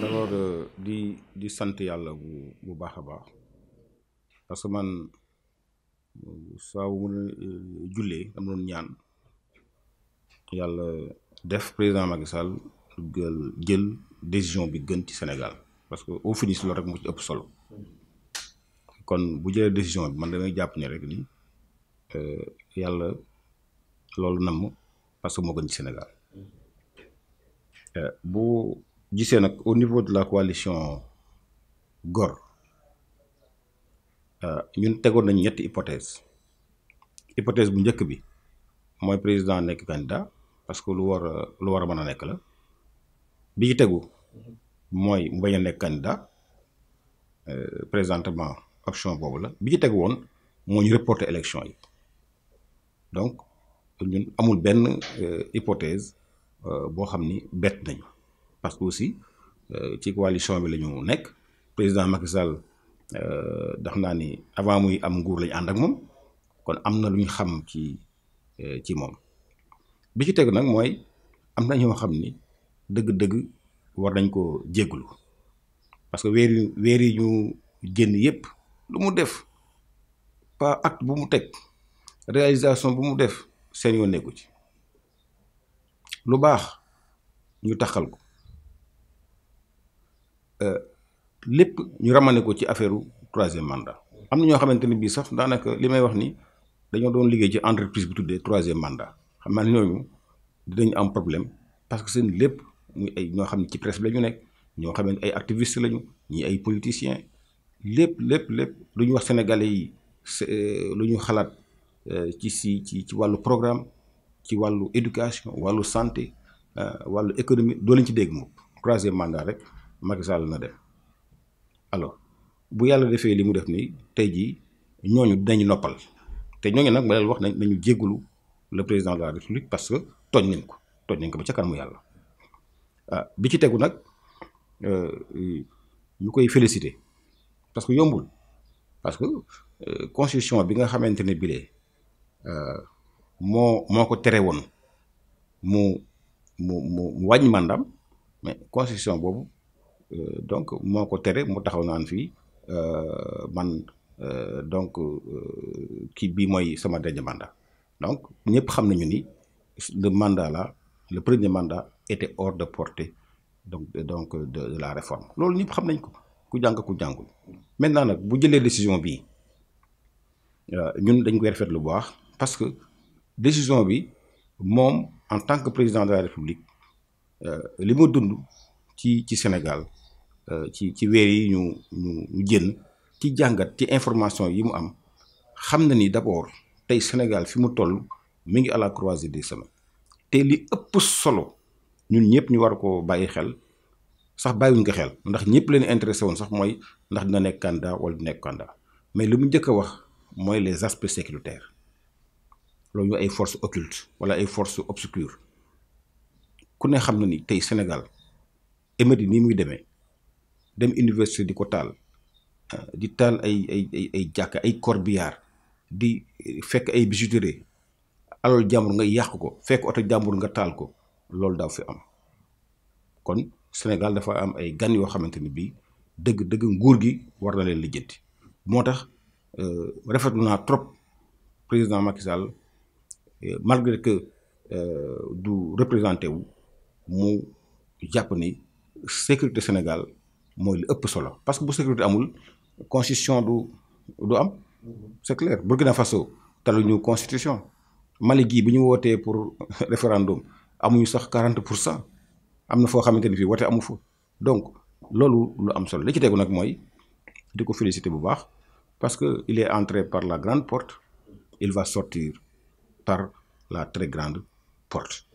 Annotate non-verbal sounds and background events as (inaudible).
d'abord euh, di di sant yàlla bu bu baax a baax parce que man saa wu ma euh, jullee dama doon ñaan yàlla def président Macky Sall jël décision bi gën ci Sénégal parce que au finish loolu rek mu ëpp solo kon bu jëlee décision bi man damay jàpp ne rek ni euh, yàlla loolu namm parce que moo gën ci Sénégal bu au niveau de la coalition Gor euh, ñun tegoon hypothèse hypothèse bu bi moy président nek candidat parce que lu war lu war mëna nek la bi candidat présentement option bobu la bi ci euh, ñu élection yi donc ñun amul une euh, hypothèse parce que aussi euh, ci coalition bi la nekk président Macky Sall euh, daf naa ni avant muy am nguur lañu ànd ak moom kon am na lu ñu xam ci euh, ci moom bi ci tegu nag mooy am na ñoo xam ni dëgg-dëgg war nañ ko jégglu parce que weer yu weer yi ñu génn yépp lu mu def pas acte bu mu teg réalisation bu mu def seen yoon nekku ci lu baax ñu taxal ko Euh, lépp ñu ramane ko ci affaire troisième mandat am na ñoo xamante ne sax daanaka li may wax ni dañoo doon liggéey ci entreprise bu tuddee troisième mandat xam naa ñooñu dinañu am problème parce que seen lépp muy ay ñoo xam ne ci presse lañu la ñu nekk ñoo xam ay activistes lañu ñii ay politiciens lépp lépp lépp lu ñu wax sénégalais yi euh, lu ñu xalaat euh, ci si ci ci wàllu programme ci wàllu éducation wàllu santé wàllu économie doo leen ci dégg moom troisième mandat rek. Macky Sall na dem alors bu yàlla defee li mu def ni tey ñooñu dañu noppal le président de la république parce que nañ ko nañ ko ba ca kanamu ah bi ci euh, parce que yombul parce que euh, constitution bi nga euh, mu mu mu mandam mais constitution euh, donc moko téré mo mu taxaw naan euh man euh, donc euh, kii bi moy sama dernier mandat donc ñepp xam nañu ni le mandat là le premier mandat était hors de portée donc donc de de la réforme loolu ñepp xam nañ ko ku jang ku jàngul maintenant nak bu jëlé décision bi ñun dañ koy refet lu baax parce que décision bi mom en tant que président de la république li mu dund. ci ci Sénégal euh, ci ci weer yi ñu ñu ñu jël ci jàngat ci information yi mu am xam na ni d'abord tey Sénégal fi mu toll mu ngi à la croisée des chemins te li ëpp solo ñun ñëpp ñu war ko bàyyi xel sax bàyyiwuñ ko xel ndax ñëpp leen intéressé woon sax mooy ndax dina nekk candidat wala du nekk candidat mais li mu njëkk a wax mooy les aspects sécuritaires loolu ñu ay force occultes wala ay forces obscures ku ne xam na ni tey Sénégal. Ema di muy deme, dem université di kotal, ah, di tal ay ay ay ay ay corbillard di fek ay bijouterie alol jamur nga yàq ko fekk jamur jàmbur nga tal ko lol daaw fi am kon sénégal dafa am ay gan yoo xamante ni bii dëgg dëgg nguur gi war na leen lijjanti moo tax euh, rafetlu na trop président Macky Sall euh, malgré que euh, du represente wu mu jàpp ni sécurité Sénégal mooy li ëpp solo parce que bu sécurité amul constitution du du am. c'est clair Burkina Faso taluñu constitution Mali gii bu ñu wootee pour (laughs) référendum amuñu sax 40 pour cent am na foo xamante ni fii wote amu fa donc loolu lu am solo li ci tegu nag mooy di ko féliciter bu baax parce que il est entré par la grande porte il va sortir par la très grande porte.